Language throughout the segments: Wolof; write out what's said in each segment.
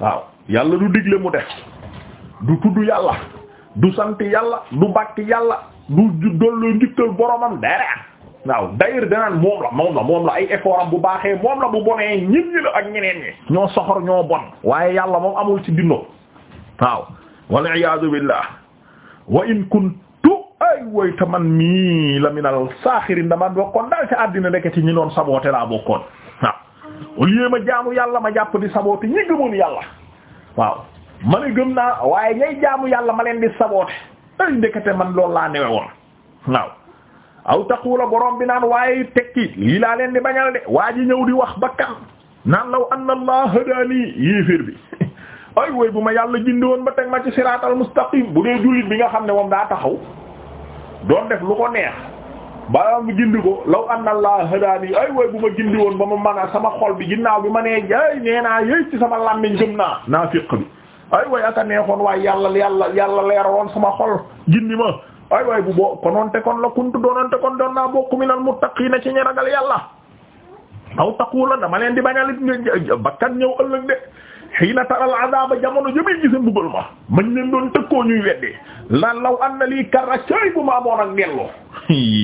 waaw yàlla du digle mu def du tudd yàlla du sant yàlla du bàkk yàlla du dollu njikkal boromam dara waaw dayir danaan moom la moom la moom la ay effort bu baaxee moom la bu bonee ñin ñi la ak ñeneen ñi ñoo soxor ñoo bon waaye yàlla moom amul ci dindo waaw wal iyaadu billah wa in kuntu ay woy ta man mii la minal saaxirin dama bokkoon daal ci àddina ndeke ci ñi doon saboote laa bokkoon au lieu ma jaamu yàlla ma jàpp di saboote ñi gëmoon yàlla waaw ma ne gëm naa waaye ñay jaamu yàlla ma leen di saboote ay ndekete man lool laa newe woon waaw aw taqula borom bi naan waaye tekki lii laa leen di bañal de waa ji ñëw di wax bakkan naan law anna allah hadaani yéeféer bi ay woy bu ma yàlla jindi woon ba teg ma ci siraatal mustaqim bu dee jullit bi nga xam ne moom daa taxaw doon def lu ko neex balaa mu gindi ko law anna laa hadaani ay way bu ma gindi woon ba ma mën a sama xol bi ginnaaw bi ma nee jaay nee naa yéy ci sama làmmiñ gëm naa naafiq bi ay way aka neexoon waaye yàlla yàlla yàlla leeroon sama xol gindi ma ay way bu boo konoonte kon la kuntu doonante kon doon naa bokku minal na ci ñi ragal yàlla aw taqula dama leen di bañal bakkan ñëw ëllëg de xiina taral azaba jamono jëmee gisa mbugal ma mañ leen doon tëkkoo ñuy weddee lan law an na lii karra cay bu ma amoon ak dellu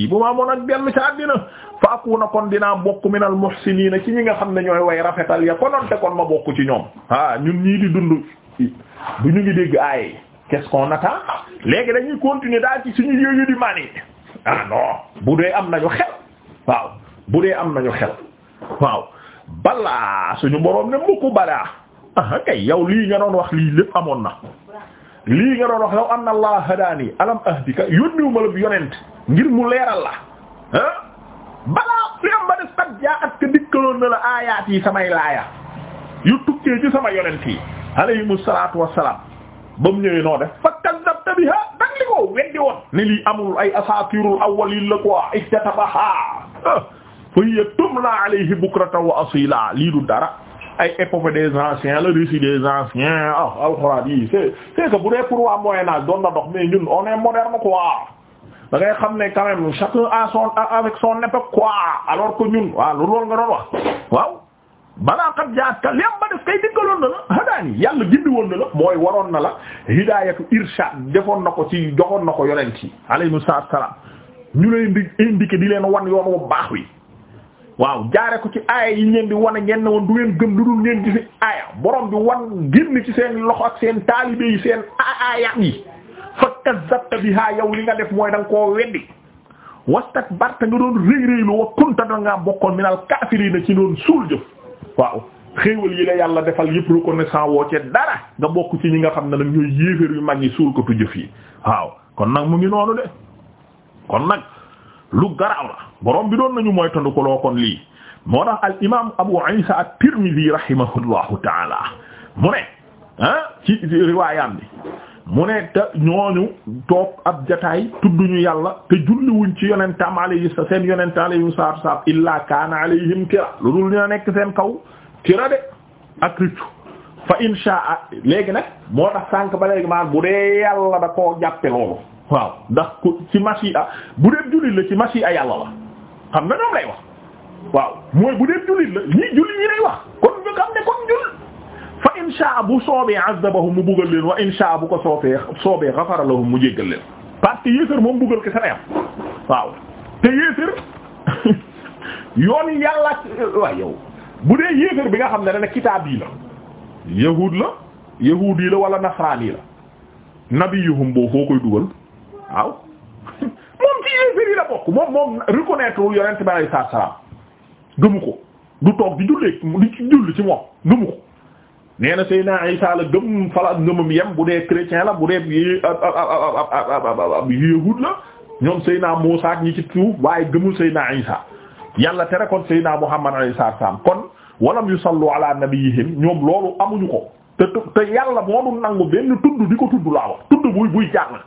bu ma amoon ak dellu ca àddina fa akuna kon dinaa bokk minal muhsiniina ci ñi nga xam ne ñooy way rafetal ya kononte kon ma bokk ci ñoom ah ñun ñii di dund bu ñu ngi dégg aaye qu'est-ce qu'on attend léegi dañuy continuer daal ci suñu yooyu di mani ah non bu dee am nañu xel waaw bu dee am nañu xel waaw balaa suñu boroom ne mukk balaa ah kay yow lii nga doon wax lii lépp amoon na lii nga wax law anna allah hadaani alam ahdika yónniwuma la bi yonent ngir mu leeral la ah balaa li am ba def qad jaa'atka dikkaloon na la aayaat samay laaya yu tukkee ci sama yonent yi wassalaam ba mu noo def fa kazzabta biha dang li weddi woon ne lii amul ay asaatirul awwaliin la quoi iktatabaha ah, fa hiya tumla alayhi bukratan wa asila lii du dara ay épopée des anciens le récit des anciens ah alxuraan yi c'est c'est que bu dee pour waa Moyen Âge doon na dox mais ñun on est moderne quoi da ngay xam ne quand même chacun a son avec son époque quoi alors que ñun waa loolu nga doon wax waaw balaa xam jaaka lépp ba def kay diggaloon na la hadaani yàlla gindi woon na la mooy waroon na la hidaayatu irshad defoon na ko ci joxoon na ko yonent yi alayhimu salaam ñu lay indi indiqué di leen wan yoon wu baax wi waaw jaare ko ci aaya yi ngeen di wane ngeen ne woon du ngeen gëm lu dul ngeen gisi aaya borom bi wan génn ci seen loxo ak seen taalibe yi seen aaya yi fa kazzabta biha yow li nga def mooy da nga koo weddi wastakbarta nga doon rëy rëylu wa kunta da ngaa bokkoon minal kaafiriina ci doon suul jëf waaw xéewal yi la yàlla defal yëpp reconnaissant woo ci dara nga bokk ci ñi nga xam ne nag ñooy yéeféer yu mag yi suul ko tu jëf yi waaw kon nag mu ngi noonu de kon nag lu borom bi doon nañu moytandu ko loo lii moo tax al imaam Abu Isa at-Tirmidhi rahimahullahu taala mu ne ah ci riwaayam bi mu ne te ñooñu toog ab jataay tudduñu yàlla te julliwuñ ci yonentam alayhi sa seen yonentam alayhi salaatu salaam illaa kaana alayhim kira lu dul ñu nekk seen kaw kira de ak riccu fa inshaa léegi nag moo tax sànk ba léegi maan bu dee yàlla da koo jàppe loolu waaw ndax ku ci masiiha bu dee jullit la ci masiiha yàlla la xam nga lay wax waaw mooy bu dee jullit la ñii jullit wax kon nga xam ne kon fa insha bu soobee azabahum mu buggal leen wa insha bu ko soobee soobee ghafara lahum mu jéggal leen parce que yéefér moom buggal ke sa yam yoon yàlla waaw bu dee yéefér bi nga xam ne dana kitaab yi la yahuud la yahuud la wala nasraan la nabiyuhum boo foo koy dugal waaw moom ci yéeféer yi la bokk moom moom reconnaître wul yonent bi alayhi salaam gëmu ko du toog di jullee di julli ci moom gëmu ko nee na Seydina la gëm fala ak yem bu dee chrétien la bu dee ab yéehud la ñoom Seydina Muusa ak ñi ci suuf waaye gëmul Seydina Isa yàlla tere kon Seydina Muhammad alayhi salaam kon walam yusallu ala nabiyihim ñoom loolu amuñu ko te te yàlla moo du nangu benn tudd di ko tudd laa wax tudd buy buy jaar na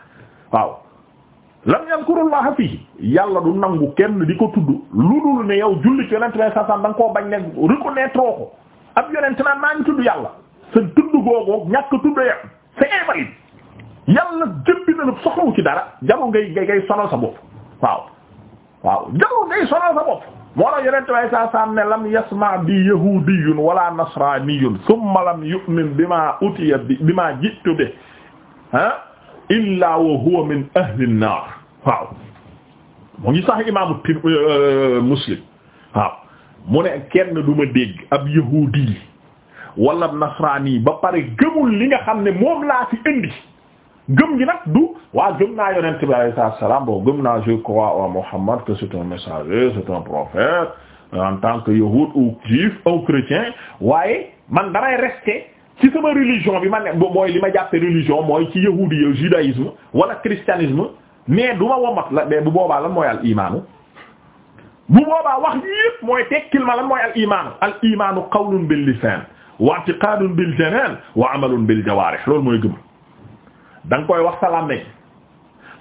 waaw lam yankurullaha fii yàlla du nangu kenn di ko tudd lu dul ne yow jullit yonent may sasam da nga koo bañ ne reconnaître oo ko ab yonent naan maa ngi tudd yàlla sa tudd googu ñàkk tudd ya c'est invalide yàlla jëppi na la soxlawu ci dara jaru ngay ngay ngay sonal sa bopp waaw waaw jaru ngay sa bopp moo la yonent may sasam ne lam yasma bi yahudiyun wala nasraniyun thumma lam yu'min bima utiya bi bima jitu bi ha illaa wa huwa min ahli an-naar waaw mu ngi sax imaamu tim euh, euh, muslim waaw mu ne kenn du ma dégg ab yahuudi wala nasraani ba pare gëmul li nga xam ne moom laa fi indi gëm gi nag du waa gëm naa yonent bi alayhi salaam bon gëm naa je crois en Muhammad que c'est un messager c'est un prophète en tant que yahuud ou juif ou chrétien waaye man damay rester ci sama religion bi ma ne mooy li ma jàppe religion mooy ci yahudi yow judaïsme wala christianisme mais du ma womat la mais bu boobaa lan mooy al imaanu bu boobaa wax yépp mooy tekkil ma lan mooy al imaanu al imaanu qawlun bil lisaan wa i'tiqaadun bil janaan loolu mooy gëm da koy wax sa làmmiñ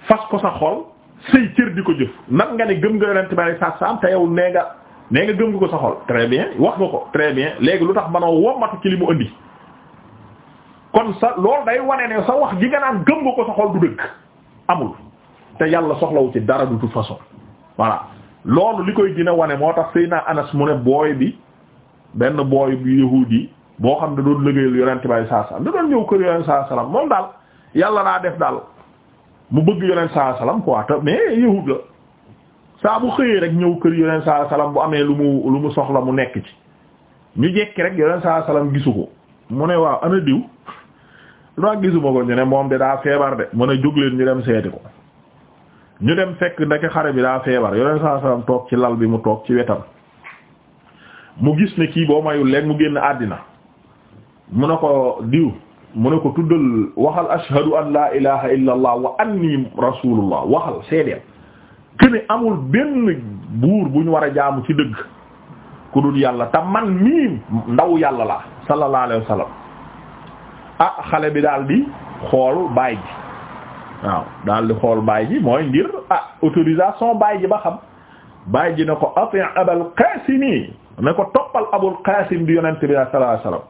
fas ko sa xol say cër di ko jëf nag nga ne gëm nga yonent bi sa saam te yow nee nga nee nga gëm nga ko sa xol très wax nga ko très léegi lu tax manoo womatu ci kon sa loolu day wane ne sa wax ji nga naan gëm nga ko sa xol du dëgg amul te yàlla soxlawu ci dara de toute façon voilà loolu li koy dina wane moo tax Seydina Anas mu ne booy bi benn booy bi yahuudi boo xam ne doon liggéeyal yonent bay saa salaam da doon ñëw kër saa salaam moom daal yàlla daa def daal mu bëgg yonent saa salaam quoi te saa bu xëyee rek ñëw kër yonent saa salaam bu amee lu mu lu mu soxla mu nekk ci ñu jekki rek yonent saa salaam gisu ko mu ne waaw ana diw lu nag gisuma ko ñu ne moom de daa feebar de mu ne jóg leen ñu dem seeti ko ñu dem fekk ndeke xare bi daa feebar yoneen saa salaam toog ci lal bi mu toog ci wetam mu gis ne kii boo mayul léegi mu génn àddina mu ne ko diw mu ne ko tuddal waxal ashhadu an laa ilaha illa allah wa anni rasulullah waxal seedeel kene amul benn buur bu ñu war a jaamu ci dëgg ku dul yàlla te man mii ndaw yàlla la sallallahu alayhi wa ah xale bi daal di xool baay ji waaw daal di xool baay ji mooy ngir ah autorisation baay ji ba xam baay ji ne ko ati abal qaasimi ne ko toppal abul qaasim di yonent bi sallallahu alayhi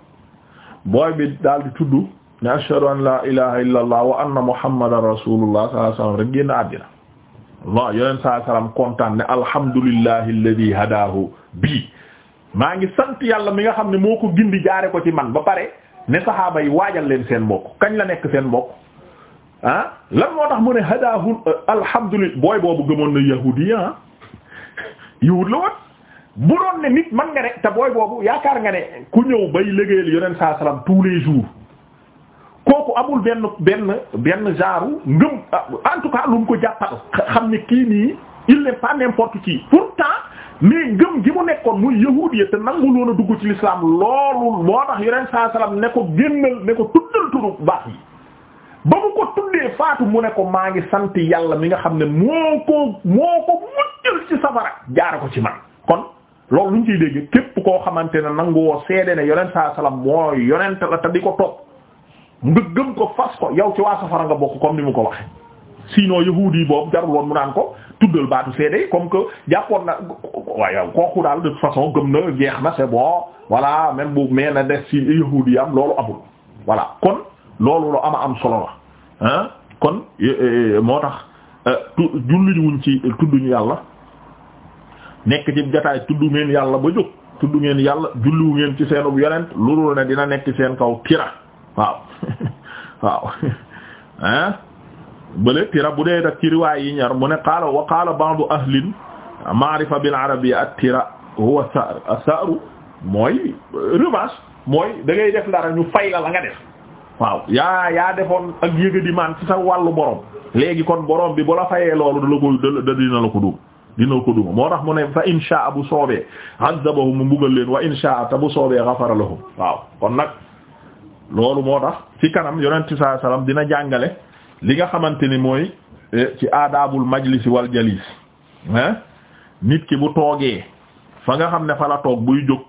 booy bi daal di tudd ne ashhadu an la ilaha illa allah wa anna muhammadan rasulullah sallallahu alayhi wasallam rek génn àddina waaw yonent sallallahu alayhi wasallam kontaan ne alhamdulillahi alladhi hadahu bi maa ngi sant yàlla mi nga xam ne moo ko gindi jaare ko ci man ba pare ne saxaaba yi waajal leen seen mbokk kañ la nekk seen mbokk ah lan moo tax mu ne hadahu euh, alhamdulillah booy boobu gëmoon na yahuudi ah yahud la woon bu doon ne nit man nga ne te booy boobu yaakaar nga ne ku ñëw bay liggéeyal yonent saa salaam tous les jours kooku amul benn benn benn genre ngëm ah, en tout cas lu mu ko jàppal xam ne kii nii il n'est pas n'importe qui pourtant mais ngëm gi mu nekkoon muy yahuud yi te nangul woon a dugg ci l'islam loolu moo tax yeneen saa salaam ne ko génnal ne ko tuddal turu baax yi ba mu ko tuddee faatu mu ne ko maa ngi sant yàlla mi nga xam ne moo ko moo ko muccal ci safara jaare ko ci man kon loolu luñ ciy dégg képp koo xamante ne nangoo seede ne yonent saa salaam mooy yonent te di ko topp nga gëm ko fas ko yow ci waa safara nga bokk comme ni mu ko waxe sinon yahuudi yi boobu jarul mu naan ko tuddal baatu seede comme que jàppoon na waaye kooku daal de toute façon gëm na jeex na c'est bon voilà même bu mais na des ci yahuudi yi am loolu amul voilà kon loolu lu ama am solo la ah kon moo tax euh, tu julli wuñ ci tudduñu yàlla nekk ci jotaay tuddu ngeen yàlla ba jóg tuddu ngeen yàlla julliwu ngeen ci seenub yonent loolu ne dina nekk seen kaw tira waaw waaw ah bële tira bu dee daf ci riwaay yi ñaar mu ne qaala wa qaala ba'du ahlin ma'rifa bil arabiyya huwa sa'r as mooy euh, revanche mooy da def dara ñu fay la def waaw yaa yaa defoon ak yëga di maan ci sa borom léegi kon borom bi bu la fayee loolu da la ko da dina la ko dum dina ko duma moo tax mu fa inshaa bu soobee azabahum mu mbugal leen wa inshaa bu soobee ghafara lahum waaw kon nag loolu moo tax kanam yonent bi dina jàngale li nga xamante ni mooy eh, ci aadaabul majlis wal jalis ah nit ki bu toogee fa nga xam ne fa la toog buy jóg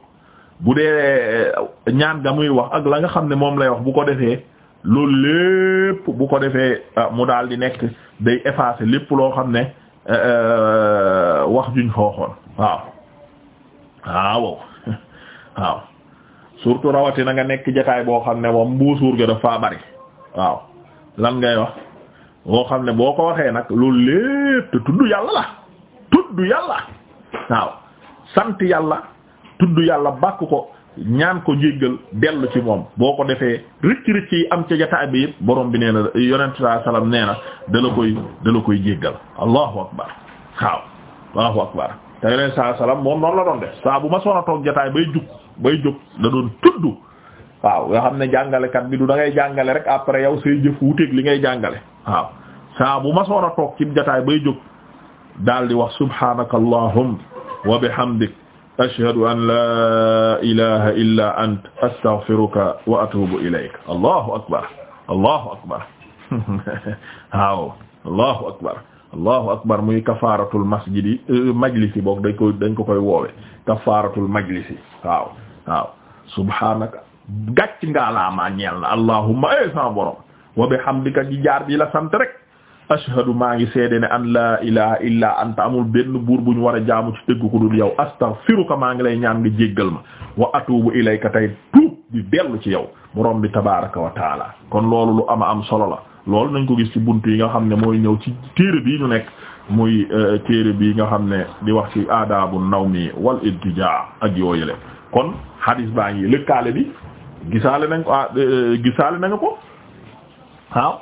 bu dee eh, ñaan nga muy wax ak la nga xam ne moom lay wax bu ko defee loolu lépp bu ko defee ah, mu daal di nekk day effacer lépp loo xam ne eh, wax juñ xooxoon waaw waaw waaw surtout rawatina nga nekk jataay boo xam ne moom mbuusuur ga dafa bari waaw lan ngay wax boo xam ne boo ko waxee nag loolu lépp te tudd yàlla la tudd yàlla waaw sant yàlla tudd yàlla bàkk ko ñaan ko jéggal dellu ci moom boo ko defee rëcc rëcc yi am ca jataay bi yëpp borom bi nee na yonent saa salaam nee na da koy da koy jéggal allahu akbar waaw allahu akbar te yonent saa salaam moom noonu la doon def saa bu ma soona toog jataay bay jug bay jóg da doon tudd waaw nga xam ne jàngalekat bi du da ngay jàngale rek après yow say jëf wuteeg li ngay jàngale waaw saa bu ma soon a toog ci jotaay bay jóg daal di wax subhanaka allahumma wa bihamdik ashhadu an la ilaha illa ant astaghfiruka wa atubu ilayk allahu akbar allahu akbar waaw allahu akbar allahu akbar muy kafaratul masjidi euh, majlisi boog dañ ko dañ ko koy woowe kafaratul majlisi waaw waaw subhanaka gàcc ngaalaamaa ñeel na allahumma ay eh, sa borom wa bihamdika ji jaar bi la sant rek ashhadu maa ngi seede ne an laa ilaha illaa anta amul benn buur bu ñu war a jaamu ci dëgg ko dul yow ka maa ngi lay ñaan nga jéggal ma wa atubu ilayka tey tuub di dellu ci yow borom bi tabaraka wa taala kon loolu lu ama am solo la loolu nañ ko gis ci buntu yi nga xam ne mooy ñëw ci téere bii ñu nekk muy eh, téere bii nga xam ne di wax ci aadaabu nawmi wal idtijaa ak yooyule kon hadis baa ngi lëkkaale bi gisaale nañ ko ah, euh, gisaale nañu ko waaw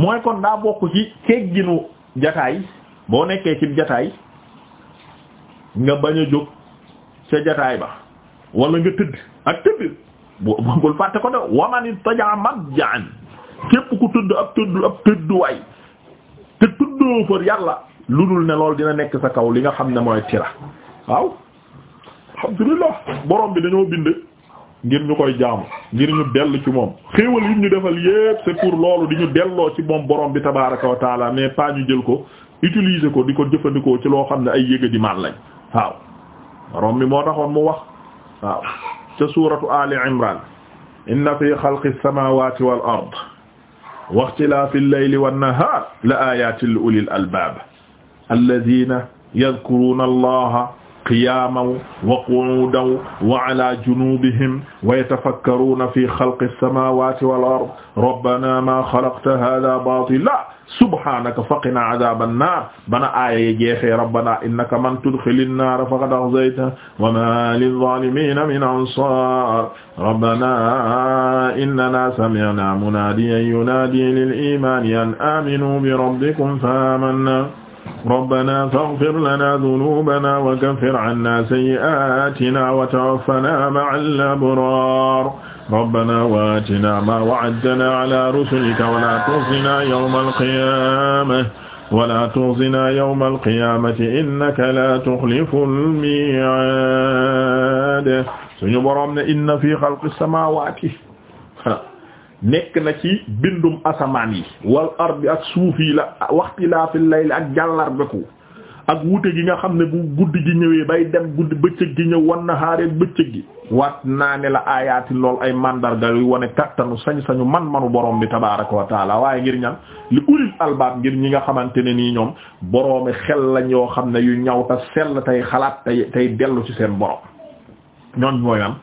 mooy kon daa bokk ci tegginu jataay boo nekkee ci jataay nga bañ a jóg ca jataay ba wala nga tëdd ak tëdd bul fàtte ko de wamani tajaa mag jaan képp ku tëdd ab tëdd ab tëdduwaay te tëddoo fër yàlla lu dul ne loolu dina nekk sa kaw li nga xam ne mooy tira waaw alhamdulillah borom bi dañoo bind ngir ñu koy jaamu ngir ñu dellu ci moom xéewal yi ñu defal yépp c'est loolu di ñu delloo ci moom borom bi tabaraka wa taala mais pas ñu jël ko utiliser ko di ko jëfandikoo ci loo xam ne ay yéga di maan lañ waaw borom moo taxoon mu wax waaw ca suuratu ali imran inna fi xalqi samawati wal ard wa ixtilaafi llayli wan la ayatin li ulil albaab alladina yadkuruuna allaha qiyaaman wa qu'uudan wa alaa junuubihim wa yatafakkaruuna fi xalqi as-samaawaati wal ard rabbanaa maa xalaqta haadaa baatilan subhaanaka faqinaa azaaban naar bana aaya jeexee rabbanaa innaka man tudxilin naara faqad axzaytahu wa maa lizzaalimiina min ansaar rabbanaa innanaa sami'naa munaadiyan yunaadii lil iimaani an aaminuu bi rabbikum fa aamannaa rabbana faghfir lana dhunubana wa kaffir anna sayyi'atina wa tawaffana ma'al abrar rabbana wa atina ma wa'adtana ala rusulika wa la tukhzina yawmal qiyamah wa la tukhzina yawmal qiyamati innaka la tukhliful mi'ad suñu borom ne inna fi khalqis samawati nekk na ci bindum asamaan yi wal bi ak suuf yi la waxtilaafil layli ak jàllarbeku ak wuute gi nga xam ne bu guddi gi ñëwee bay dem guddi bëccëg gi ñëw wan na xaaree bëccëg gi waat naa ne la aayaati lool ay mandarga yu wane kattanu sañ-sañu man-manu borom bi tabaaraka wa taala waaye ngir ñan li ulil albaab ngir ñi nga xamante ne nii ñoom boroomi xel lañ yoo xam ne yu ñaw ta sell tey xalaat tey dellu ci seen borom ñoon mooy lan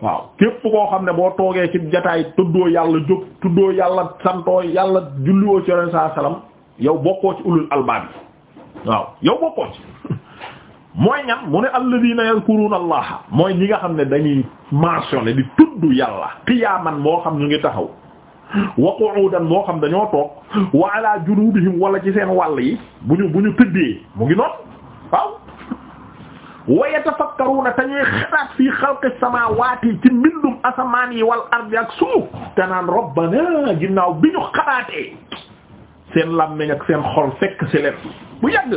waaw képp koo xam ne boo toogee ci jataay tuddoo yàlla jóg tuddoo yàlla santoo yàlla julliwoo ci yoneen saa salaam yow bokkoo ci ulul albaab waaw yow bokkoo ci mooy ñan mu ne alladina yazkuruna allaha mooy ñi nga xam ne dañuy mentionné di tudd yàlla qiyaaman moo xam ñu ngi taxaw wa qu'udan moo xam dañoo toog wa ala junubihim wala ci seen wàll yi bu ñu bu ñu tëddee mu ngi noonu waaw wa yatafakkaruna te ñuy xalaat fii samaawaati ci mbindum asamaan yi wal ardi ak suuf te naan rabbana ginnaaw bi ñu seen làmmiñ ak seen xol fekk ci leen bu yàgg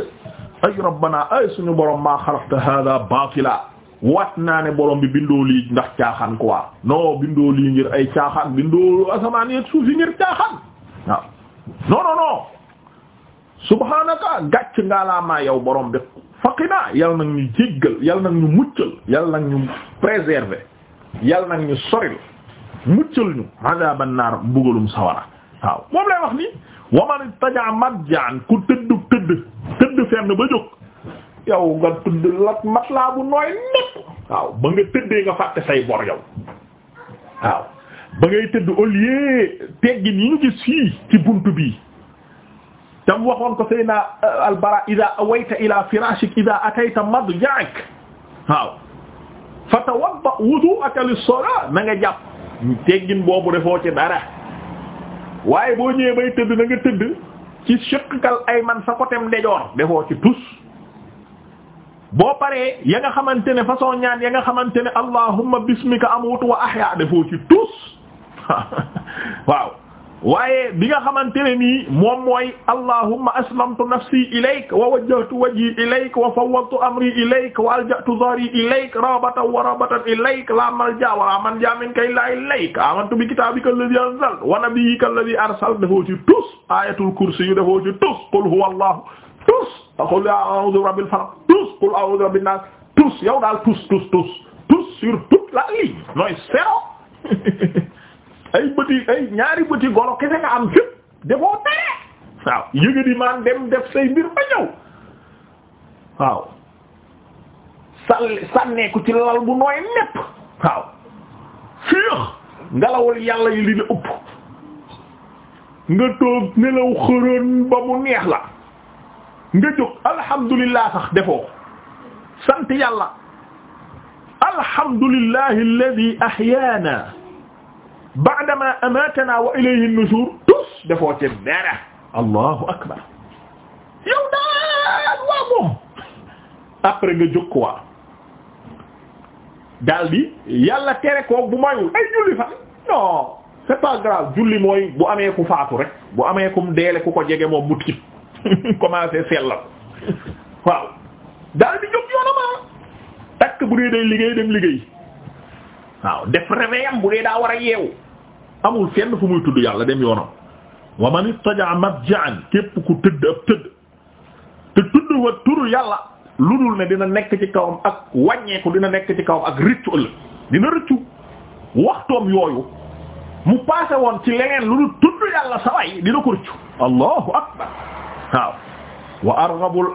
ay rabbana ay suñu borom maa xalaqta hada baatila waat naa ne borom bi bindoo lii ndax caaxaan quoi non bindoo lii ngir ay caaxaan bindoo asamaan yi ak ngir caaxaan waaw non non subhaanaka gàcc ngaa laa borom bi faqinaa yal nag ñu jéggal yal nag ñu muccal yal nag ñu préserver yal nag ñu soril muccal ñu azaban naar mbugalum sawara waaw moom lay wax ni waman taja madjaan ku tëdd tëdd tëdd fenn ba jóg yow nga tëdd lat mat laa bu nooy népp waaw ba nga tëddee nga fàtte say bor yow waaw ba ngay tëdd au teggin yi ñu gis fii ci buntu bii tam waxoon ko Seydina euh, Albara ida awayta ila firashik ida atayta madja'ik waaw fatawadda wudu'aka lis-salat na nga jàpp teggin boobu defoo dara waaye boo ñëwee bay tëdd na nga tëdd ci shiqqal ayman sa côté ndejoor tus boo paree ya nga xamante ne façon ñaan ya xamante ne allahumma bismika amutu wa ahya defoo tus waaw waaye bi nga xamante ne nii moom mooy allahumma aslamtu nafsi ilayk wa wajjahtu wajhi ilayk wa fawwadtu amri ilayk wa alja'tu dhahri ilayk rabatan wa rabatan ilayk la malja wa la manja minka illa ilayk amantu bi kitabika alladhi anzal wa nabiyyika alladhi arsal defoo ci tus ayatul kursi yu defoo ci tus qul huwa allah tus qul a'udhu bi rabbil falaq tus qul a'udhu bi rabbin nas tus yow daal tus tus tus tus sur toute la ligne nooy zéro ay bëti ay ñaari bëti golo kese nga am fépp defoo tere waaw yëga di maan dem def say mbir ba ñëw waaw sàll sànneeku ci lal bu nooy nepp waaw fiix ngelawul yàlla yi li la ëpp nga toog nelaw xërën ba mu neex la nga jóg alhamdulillah sax defoo sant yàlla alhamdulillahi alladhi ahyaana ba'dama amatana wa ilayhi an tus dafoo ci dara akbar yow daal waa après nga jóg daal bi yàlla tere ko bu mayul ay julli fa non c'est pas grave julli mooy bu amee ku faatu rek bu amee deele ku ko jege moom but kib commencé sellal waaw daal bi jóg yoonama ah. takk bu dee day liggéey dem liggéey waaw def réveil am bu daa war yeewu amul fenn fu muy tudd yàlla dem yoonam wa man ittaja matja'an képp ku tëdd ab tëdd tudd wa turu yàlla dina nekk ci kawam ak wàññeeku dina nekk ci kawam ak rëccu ëllëg dina rëccu waxtoom yooyu mu passé woon ci leneen lu dul tudd yàlla akbar waaw wa arghabu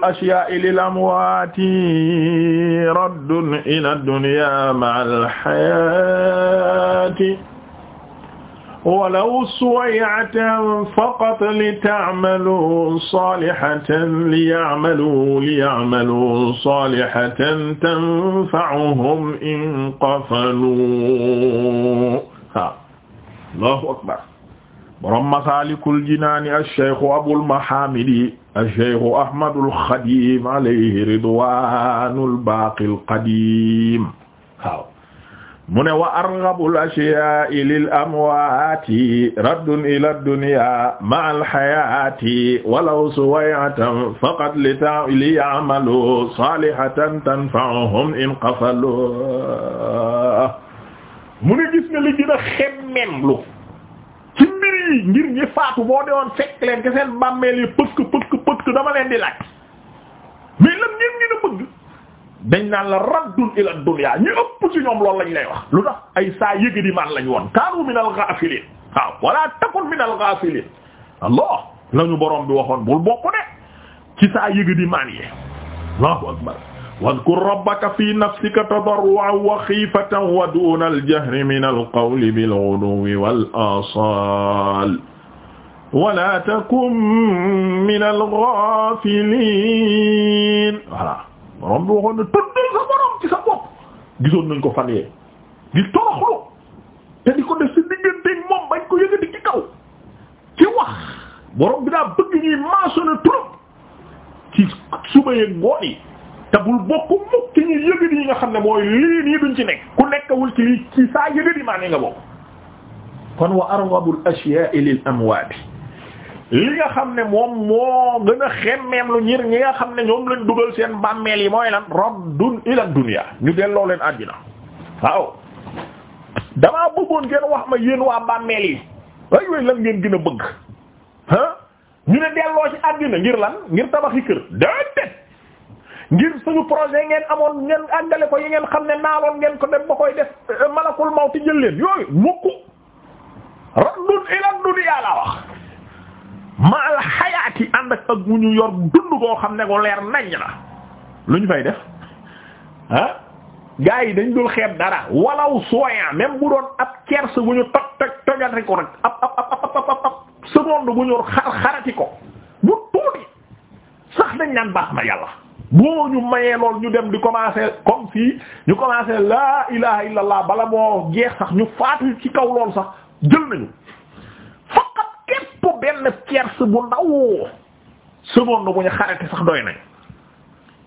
walaw suway'atan faqat lita'malu salihatan liya'malu liya'malu salihatan tanfa'uhum in qafalu ha Allahu akbar borom Masaalikul Jinaan ash-Shaykh Abul Mahaamid ash-Shaykh Ahmadul Xadiim alayhi ridwaanul baaqil qadiim waaw mu ne wa arghabul ashyaa'i lil amwaati raddun ila dunya ma'al hayaati walaw suway'atan faqad li ta'malu salihatan tanfa'uhum in qafalu mu gis ne li gën a lu ci mbir yi ngir ñi faatu boo deewoon fekk leen ke seen bàmmeel yi pëkk pëkk pëkk di dañ naan la raddun ila dunya ñu ëpp ci ñoom ay saa yëg di man lañ min al ghafilin waaw wala takun min al ghafilin allah lañu borom bi waxoon bul bokk de ci saa yëg di man yi allahu akbar wadhkur rabbaka fi nafsika tadarru'an wa khifatan wa duna al jahri min al qawli bil ghuduwwi wala takun min al ghafilin borom bi waxoon ne tuddal sa borom ci sa bopp gisoon nañ ko fan yee di toroxlu te di ko def ci digganteeg moom bañ ko yëngati ci kaw ci wax borom bi daa bëgg ñuy mentionner trop ci suba yeeg ngoon yi te bul bokk mukk ci ñuy yëngati yi nga xam ne mooy lii nii duñ ci nekk ku nekkawul ci lii ci saa yëngati maa ne nga bokk kon wa arghabul ashiya'i lil amwaat li nga xam ne moom moo gën a xemmeem lu ñir ñi nga xam ne ñoom leen dugal seen bàmmeel yi mooy lan raddun ila dunya ñu delloo leen àddina waaw damaa bëggoon ngeen wax ma yéen waa bàmmeel yi ay way lan ngeen gën a bëgg ah ñu ne delloo ci àddina ngir lan ngir tabaxi kër déedéet ngir suñu projet ngeen amoon ngeen àggale ko yi ngeen xam ne naaloon ngeen ko def ba koy def euh, malakul mawti jël leen yooyu mukk raddun ila dunya la wax maal xayaati ànd ak ak ñu yor dund koo xam ne ko leer nañ la lu ñu fay def ah gars yi dañ dul xeeb dara walaw soya même bu doon ab kerse bu ñu toj toj tojati ko rek ab ab ab ab ab seconde bu ñu xar xarati ko bu tuuti sax dañ naan baax na yàlla boo ñu mayee lool ñu dem di commencer comme si ñu commencer laa ilaha illallah bala moo jeex sax ñu faatu ci kaw lool sax jël nañu. benn tierce bu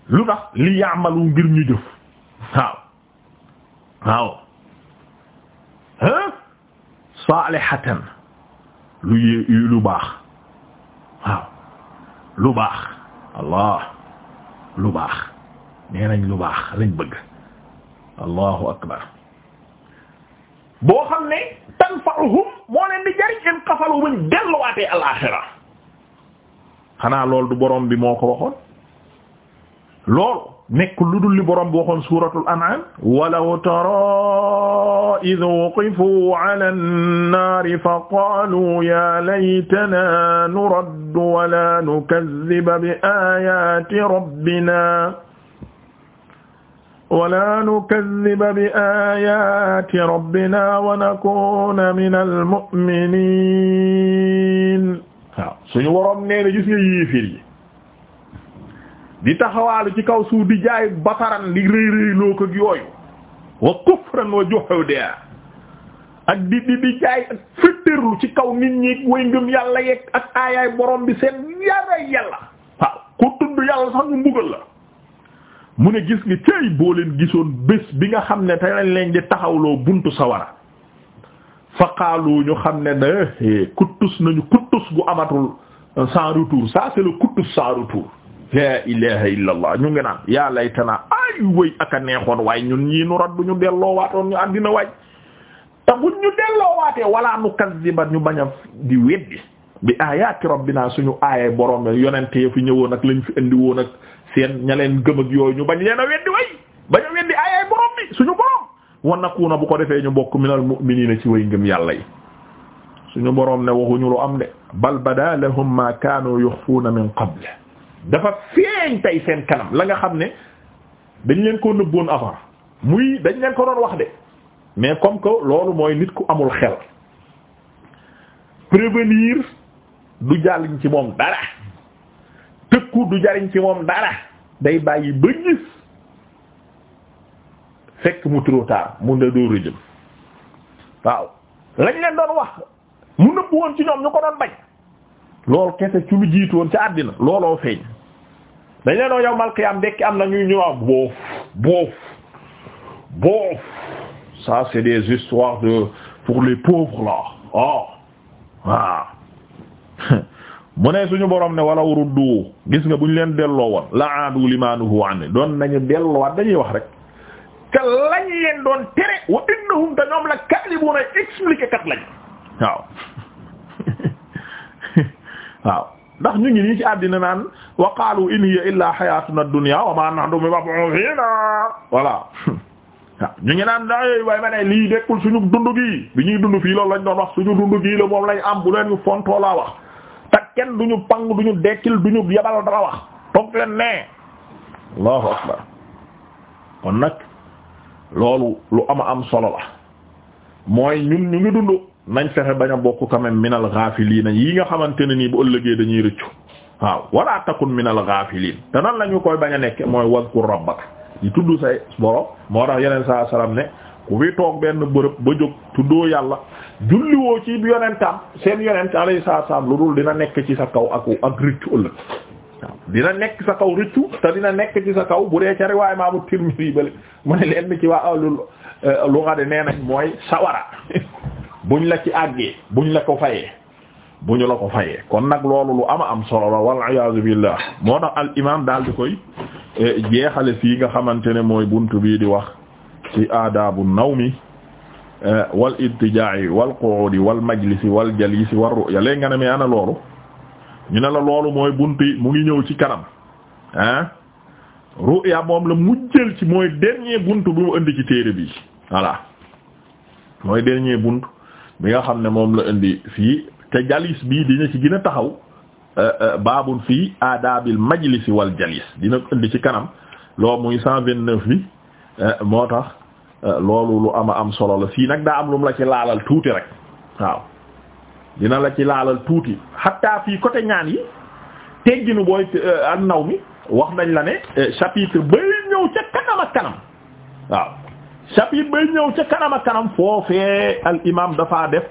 lu tax ngir ñu jëf waaw waaw lu baax lu baax allah lu baax nee nañ lu baax lañ bëgg allahu akbar boo xam ne tanfa'uhum moo leen di jariñ in qafalu buñ delluwaatee alaaxira xanaa loolu du borom bi moo ko waxoon loolu nekk lu dul li borom bi waxoon suuratul an'am walaw tara idh wuqifu 'ala an-naari fa qaalu ya laytana nuraddu wa la nukazziba bi aayaati rabbina wala nukaddiba bi ayaati rabbina wa nakuna min almuminin waaw suñu waroom nee na gis nga yéefir yi di taxawaalu ci kaw suuf di jaay bataran di rëy rëy loo ko yooyu wa kufran wa juhuda ak di di di jaay ak fëttërlu ci kaw nit ñi way ngëm yàlla yeeg ak aayaay borom bi seen yàlla yàlla waaw ku tudd yàlla sax ñu mbugal la mu ne gis nga cëy boo leen gisoon bés bi nga xam ne te lañ leen di taxawloo buntu sawara fa qaalu ñu xam ne ne eh, kuttus nañu kuttus gu amatul sans retour ça c'est kuttus sans retour la ilaha illa ñu ngi naan yaa laytana ay wëy aka neexoon waaye ñun ñii nu raddu ñu delloo waatoon ñu àddina waaj te buñ ñu delloo waatee wala nu kazziba ñu bañ a di weddi bi aayaati rabbinaa suñu aayay borom yonente ya fi ñëwoon ak lañ fi indi woon ak seen ña leen gëm ak yooyu ñu bañ leen a weddi way bañ a weddi aayay borom bi suñu borom wan nakuuna bu ko defee ñu bokk minal mu'miniina ci way ngëm yàlla yi suñu boroom ne waxuñu lu am de bal bada lahum ma kaanu yuxfuuna min qabl dafa feeñ tey seen kanam la nga xam ne dañ leen ko nëbboon avant muy dañ leen ko doon wax de mais comme que loolu mooy nit ku amul xel du jàlliñ ci moom dara tëkku du jariñ ci moom dara day bàyyi ba gis fekk mu trop tard mu ne doo rëjëm waaw lañ leen doon wax mu nëbb woon ci ñoom ñu ko doon bañ loolu kese ci lu jiitu woon ci àddina looloo feeñ dañ leen doon yowmal qiyaam dekki am na ñuy ñu wax boof boof boof ça c'est des histoires de pour les pauvres là oh mu ne suñu borom ne walaw ruddu gis nga buñ leen delloo woon la aadu limaanuhu an doon nañu delluwaat dañuy wax rek ka lañ leen doon tere wa innahum te ñoom la kaalibuuna expliqué kat lañ waaw ndax ñu ngi nii ci àddina naan wa qaalu in hiya illaa xayaatuna dunya wa maa nahnu bi mab'uuthiina voilà waaw ñu ngi naan daay waaye ma ne lii dekkul suñu dund gi bi ñuy dund fii loolu lañ doon wax suñu dund gi la moom lañ am bu leen ñu kenn du ñu pang du ñu dekkil du ñu yabal dara wax toog leen nee allahu akbar kon nag loolu lu ama am solo la mooy ñun ñu ngi dund nañ fexe bañ a bokk quand même minal ghafilin yi nga xamante ne nii bu ëllëgee dañuy rëccu waaw wala takun minal ghafilin te nan lañu ñu koy bañ a nekke mooy wazkur rabbak di tudd say borom moo tax yeneen saa salaam ne ku fi toog benn bërëb ba jóg tuddoo yàlla julliwoo ci yonentam seen yonent alayhi salaam lu dul dina nekk ci sa kaw ak ak rëccu ëllëg waaw dina nekk sa kaw rëccu te dina nekk ci sa kaw bu dee ca riwaay Imaamu Tirmidhi bale mu ne leen ci waa ahlul eh, lugha de nee nañ mooy sawara buñ la ci àggee buñ la ko bu ñu la ko fayee kon nag loolu lu ama am solo la wal iyaazu billah moo tax al imaam daal di koy eh, jeexale fii nga xamante ne mooy bunt bii di wax ci aadaabu mi Eh, wal ittijaa'i wal qu'udi wal majlisi wal jalisi war ru'ya léegi nga ne mais ana loolu ñu ne la loolu mooy bunti mu ngi ñëw ci kanam ah ru'ya moom la mujjël ci mooy dernier bunt bi mu téere bi voilà mooy dernier bunt bi nga xam ne moom la indi fii te jalis bii dina ci gën a taxaw eh, baabul fii aadaabil majlisi wal jalis dina indi ci kanam loolu muy cent vingt neuf bi moo tax Euh, loolu lu ama am solo la fii nag daa am lu mu la ci laalal tuuti rek waaw dina la ci laalal tuuti xatta fii côté ñaan yi tegginu booy euh, ak naw mi wax nañ la ne euh, chapitre bay ñëw ca kanam ak kanam waaw chapitre bay ñëw ca kanam ak kanam foofee al imam dafaa def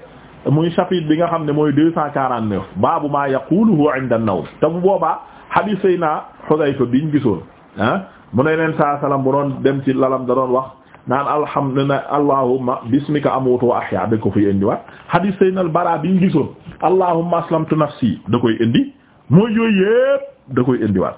muy chapitre bi nga xam ne mooy deux cent quarante neuf baabu maa yaquluhu inda an-nawm te bu boobaa hadis naa Hudayfa gisoon ah, mu ne leen saa salaam bu doon dem ci lalam da doon wax naan alhamdulillah allahumma bismika amutu wa ahya da ko fiy indiwaat hadis sayyidina al-Bara bi ñu gisoon allahumma aslamtu nafsi da koy indi mooy yooyu yëpp da koy indiwaat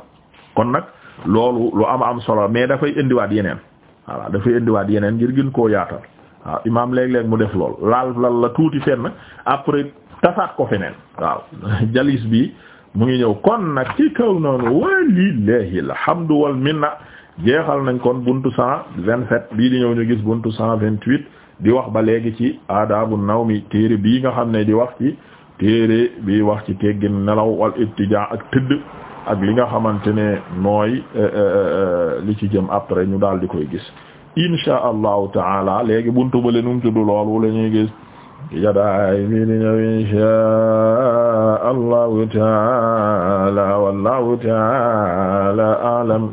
kon nag loolu lu am am solo mais koy indiwaat yeneen voilà dafay indiwaat yeneen ngir gën koo yaatal waaw imaam léeg-léeg mu def lool laal lal la tuuti fenn après tasaat ko feneen waaw jalis bi mu ngi ñëw kon nag ci kaw noonu walillahi alhamdu wal minna jeexal nañ kon buntu cent vingt-sept bii di ñëw ñu gis buntu cent vingt-huit di wax ba léegi ci aadaabu mi téere bii nga xam ne di wax ci téere bi wax ci teggin nelaw wal ittijaa ak tëdd ak li nga xamante ne mooy eh, eh, eh, li ci jëm après ñu daal di koy gis insha allahu taala léegi buntu ba leen um tudd loolu la ñuy gis jadaay bi di ñëw insha allahu taala wallahu taala alam